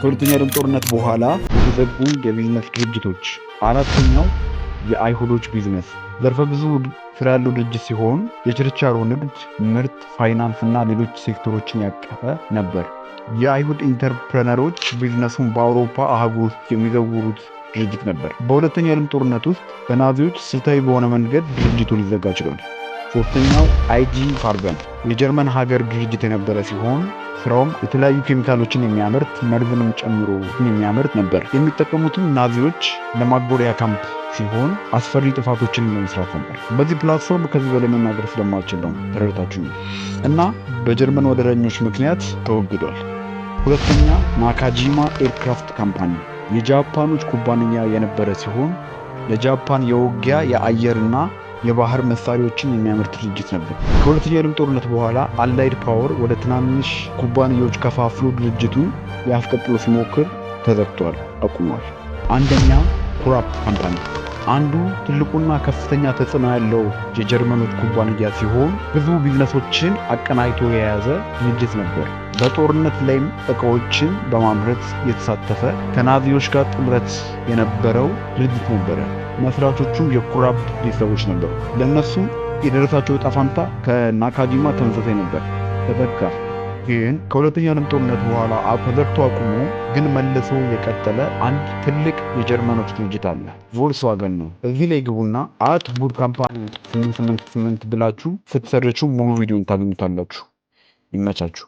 ከሁለተኛ ዓለም ጦርነት በኋላ የተዘጉ የቢዝነስ ድርጅቶች። አራተኛው የአይሁዶች ቢዝነስ ዘርፈ ብዙ ስራ ያለው ድርጅት ሲሆን የችርቻሮ ንግድ፣ ምርት፣ ፋይናንስ እና ሌሎች ሴክተሮችን ያቀፈ ነበር። የአይሁድ ኢንተርፕረነሮች ቢዝነሱን በአውሮፓ አህጉር ውስጥ የሚዘውሩት ድርጅት ነበር። በሁለተኛ ልም ጦርነት ውስጥ በናዚዎች ስልታዊ በሆነ መንገድ ድርጅቱ ሊዘጋ ችሏል። ሶስተኛው አይጂ ፋርበን የጀርመን ሀገር ድርጅት የነበረ ሲሆን ስራውም የተለያዩ ኬሚካሎችን የሚያመርት መርዝንም ጨምሮ የሚያመርት ነበር። የሚጠቀሙትም ናዚዎች ለማጎሪያ ካምፕ ሲሆን አስፈሪ ጥፋቶችን ለመስራት ነበር። በዚህ ፕላትፎርም ከዚህ በላይ መናገር ስለማልችል ነው ተረድታችሁ እና በጀርመን ወደረኞች ምክንያት ተወግዷል። ሁለተኛ ናካጂማ ኤርክራፍት ካምፓኒ የጃፓኖች ኩባንያ የነበረ ሲሆን ለጃፓን የውጊያ የአየርና የባህር መሳሪያዎችን የሚያመርት ድርጅት ነበር። ከሁለተኛ የዓለም ጦርነት በኋላ አላይድ ፓወር ወደ ትናንሽ ኩባንያዎች ከፋፍሎ ድርጅቱን ሊያስቀጥሎ ሲሞክር ተዘግቷል፣ አቁሟል። አንደኛ ኩራፕ ካምፓኒ አንዱ ትልቁና ከፍተኛ ተጽዕኖ ያለው የጀርመኖች ኩባንያ ሲሆን ብዙ ቢዝነሶችን አቀናጅቶ የያዘ ድርጅት ነበር። በጦርነት ላይም እቃዎችን በማምረት የተሳተፈ ከናዚዎች ጋር ጥምረት የነበረው ድርጅት ነበረ። መስራቾቹ የኩራብ ቤተሰቦች ነበሩ። ለእነሱ የደረሳቸው ዕጣ ፈንታ ከናካጂማ ተመሳሳይ ነበር። ተተካ ግን ከሁለተኛ ዓለም ጦርነት በኋላ ፕሮጀክቱ አቁሞ ግን መልሶ የቀጠለ አንድ ትልቅ የጀርመኖች ድርጅት አለ። ቮልስዋገን ነው። እዚህ ላይ ግቡና አት ቡድ ካምፓኒ 888 ብላችሁ ስትሰርቹ ሙሉ ቪዲዮን ታገኙታላችሁ። ይመቻችሁ።